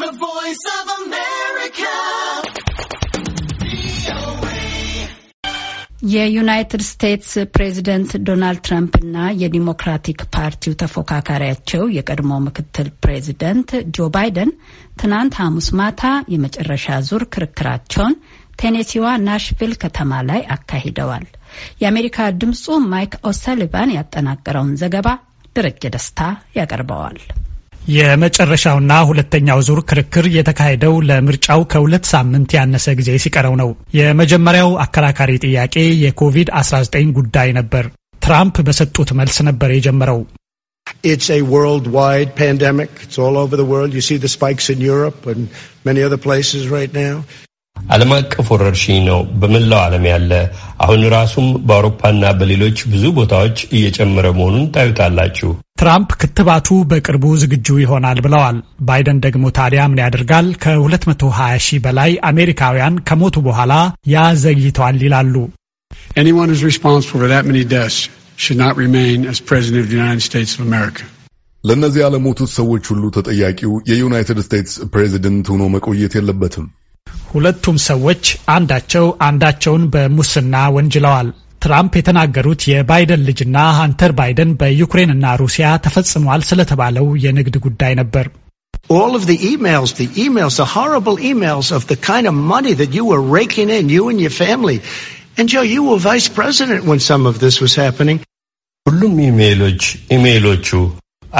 The Voice of America. የዩናይትድ ስቴትስ ፕሬዚደንት ዶናልድ ትራምፕ እና የዲሞክራቲክ ፓርቲው ተፎካካሪያቸው የቀድሞ ምክትል ፕሬዚደንት ጆ ባይደን ትናንት ሐሙስ ማታ የመጨረሻ ዙር ክርክራቸውን ቴኔሲዋ ናሽቪል ከተማ ላይ አካሂደዋል። የአሜሪካ ድምፁ ማይክ ኦሰሊቫን ያጠናቀረውን ዘገባ ደረጀ ደስታ ያቀርበዋል። የመጨረሻውና ሁለተኛው ዙር ክርክር የተካሄደው ለምርጫው ከሁለት ሳምንት ያነሰ ጊዜ ሲቀረው ነው። የመጀመሪያው አከራካሪ ጥያቄ የኮቪድ-19 ጉዳይ ነበር። ትራምፕ በሰጡት መልስ ነበር የጀመረው። ዓለም አቀፍ ወረርሽኝ ነው በመላው ዓለም ያለ። አሁን ራሱም በአውሮፓና በሌሎች ብዙ ቦታዎች እየጨመረ መሆኑን ታዩታላችሁ። ትራምፕ ክትባቱ በቅርቡ ዝግጁ ይሆናል ብለዋል። ባይደን ደግሞ ታዲያ ምን ያደርጋል? ከ220 ሺህ በላይ አሜሪካውያን ከሞቱ በኋላ ያ ዘግይተዋል ይላሉ። ለእነዚህ ያለሞቱት ሰዎች ሁሉ ተጠያቂው የዩናይትድ ስቴትስ ፕሬዚደንት ሆኖ መቆየት የለበትም። ሁለቱም ሰዎች አንዳቸው አንዳቸውን በሙስና ወንጅለዋል። ትራምፕ የተናገሩት የባይደን ልጅና ሀንተር ባይደን በዩክሬንና ሩሲያ ተፈጽሟል ስለተባለው የንግድ ጉዳይ ነበር። ሁሉም ኢሜይሎች ኢሜይሎቹ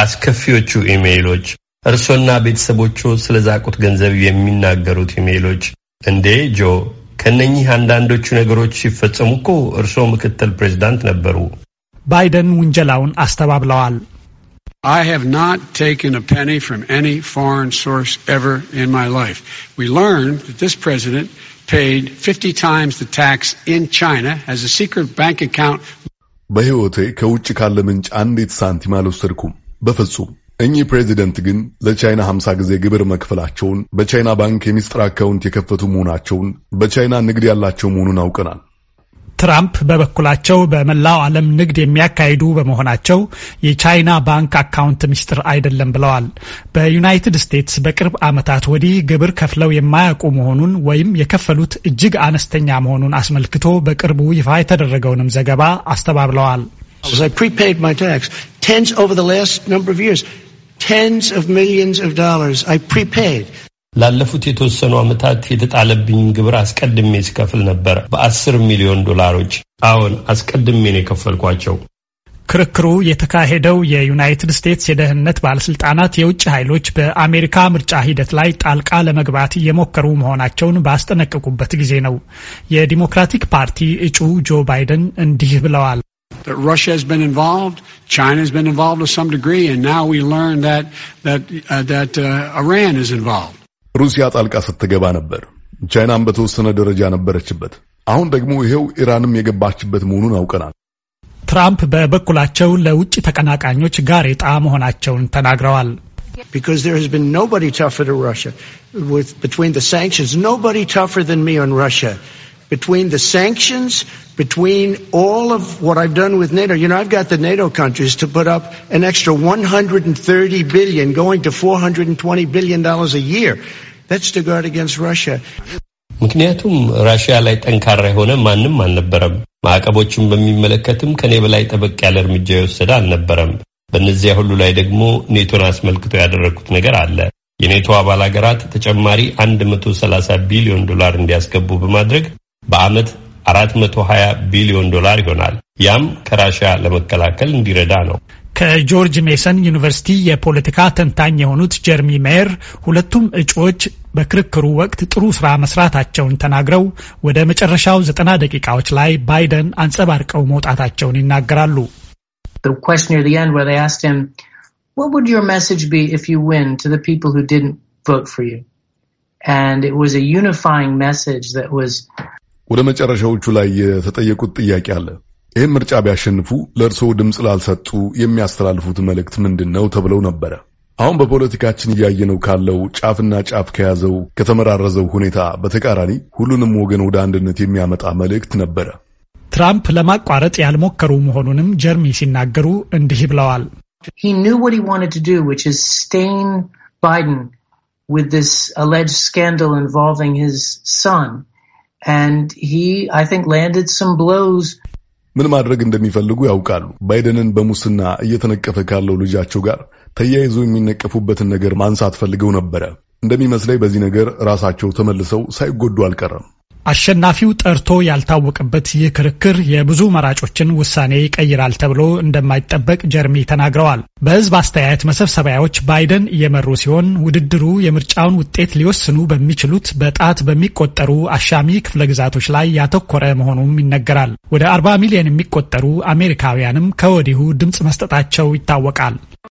አስከፊዎቹ ኢሜይሎች እርሶና ቤተሰቦቹ ስለዛቁት ገንዘብ የሚናገሩት ኢሜይሎች እንዴ ጆ ከነኚህ አንዳንዶቹ ነገሮች ሲፈጸሙ እኮ እርስዎ ምክትል ፕሬዚዳንት ነበሩ። ባይደን ውንጀላውን አስተባብለዋል። I have not taken a penny from any foreign source ever in my life. We learned that this president paid 50 times the tax in China as a secret bank account. በሕይወቴ ከውጭ ካለ ምንጭ አንዲት ሳንቲም አልወሰድኩም በፍጹም። እኚህ ፕሬዚደንት ግን ለቻይና 50 ጊዜ ግብር መክፈላቸውን በቻይና ባንክ የሚስጥር አካውንት የከፈቱ መሆናቸውን በቻይና ንግድ ያላቸው መሆኑን አውቀናል። ትራምፕ በበኩላቸው በመላው ዓለም ንግድ የሚያካሂዱ በመሆናቸው የቻይና ባንክ አካውንት ሚስጥር አይደለም ብለዋል። በዩናይትድ ስቴትስ በቅርብ ዓመታት ወዲህ ግብር ከፍለው የማያውቁ መሆኑን ወይም የከፈሉት እጅግ አነስተኛ መሆኑን አስመልክቶ በቅርቡ ይፋ የተደረገውንም ዘገባ አስተባብለዋል። tens of millions of dollars I prepaid. ላለፉት የተወሰኑ ዓመታት የተጣለብኝ ግብር አስቀድሜ ስከፍል ነበር በአስር ሚሊዮን ዶላሮች። አዎን አስቀድሜ ነው የከፈልኳቸው። ክርክሩ የተካሄደው የዩናይትድ ስቴትስ የደህንነት ባለስልጣናት የውጭ ኃይሎች በአሜሪካ ምርጫ ሂደት ላይ ጣልቃ ለመግባት እየሞከሩ መሆናቸውን ባስጠነቀቁበት ጊዜ ነው። የዲሞክራቲክ ፓርቲ እጩ ጆ ባይደን እንዲህ ብለዋል። that Russia has been involved, China has been involved to some degree, and now we learn that that uh, that uh, Iran is involved. ሩሲያ ጣልቃ ስትገባ ነበር። ቻይናም በተወሰነ ደረጃ ነበረችበት። አሁን ደግሞ ይሄው ኢራንም የገባችበት መሆኑን አውቀናል። ትራምፕ በበኩላቸው ለውጭ ተቀናቃኞች ጋሬጣ መሆናቸውን ተናግረዋል። because there has been nobody tougher to Russia with between the sanctions, nobody tougher than me on Russia between the sanctions, between all of what I've done with NATO. You know, I've got the NATO countries to put up an extra 130 billion going to 420 billion dollars a year. That's to guard against Russia. ምክንያቱም ራሽያ ላይ ጠንካራ የሆነ ማንም አልነበረም። ማዕቀቦችን በሚመለከትም ከኔ በላይ ጠበቅ ያለ እርምጃ የወሰደ አልነበረም። በእነዚያ ሁሉ ላይ ደግሞ ኔቶን አስመልክቶ ያደረግኩት ነገር አለ። የኔቶ አባል ሀገራት ተጨማሪ 130 ቢሊዮን ዶላር እንዲያስገቡ በማድረግ በዓመት 420 ቢሊዮን ዶላር ይሆናል። ያም ከራሽያ ለመከላከል እንዲረዳ ነው። ከጆርጅ ሜሰን ዩኒቨርሲቲ የፖለቲካ ተንታኝ የሆኑት ጀርሚ ሜየር ሁለቱም እጩዎች በክርክሩ ወቅት ጥሩ ስራ መስራታቸውን ተናግረው ወደ መጨረሻው ዘጠና ደቂቃዎች ላይ ባይደን አንጸባርቀው መውጣታቸውን ይናገራሉ። ወደ መጨረሻዎቹ ላይ የተጠየቁት ጥያቄ አለ። ይህም ምርጫ ቢያሸንፉ ለእርስዎ ድምፅ ላልሰጡ የሚያስተላልፉት መልእክት ምንድን ነው ተብለው ነበረ። አሁን በፖለቲካችን እያየነው ካለው ጫፍና ጫፍ ከያዘው ከተመራረዘው ሁኔታ በተቃራኒ ሁሉንም ወገን ወደ አንድነት የሚያመጣ መልእክት ነበረ። ትራምፕ ለማቋረጥ ያልሞከሩ መሆኑንም ጀርሚ ሲናገሩ እንዲህ ብለዋል። ባይደን with this alleged scandal involving and he, I think, landed some blows. ምን ማድረግ እንደሚፈልጉ ያውቃሉ። ባይደንን በሙስና እየተነቀፈ ካለው ልጃቸው ጋር ተያይዞ የሚነቀፉበትን ነገር ማንሳት ፈልገው ነበረ። እንደሚመስለኝ በዚህ ነገር ራሳቸው ተመልሰው ሳይጎዱ አልቀረም። አሸናፊው ጠርቶ ያልታወቀበት ይህ ክርክር የብዙ መራጮችን ውሳኔ ይቀይራል ተብሎ እንደማይጠበቅ ጀርሚ ተናግረዋል። በሕዝብ አስተያየት መሰብሰቢያዎች ባይደን እየመሩ ሲሆን ውድድሩ የምርጫውን ውጤት ሊወስኑ በሚችሉት በጣት በሚቆጠሩ አሻሚ ክፍለ ግዛቶች ላይ ያተኮረ መሆኑም ይነገራል። ወደ 40 ሚሊዮን የሚቆጠሩ አሜሪካውያንም ከወዲሁ ድምፅ መስጠታቸው ይታወቃል።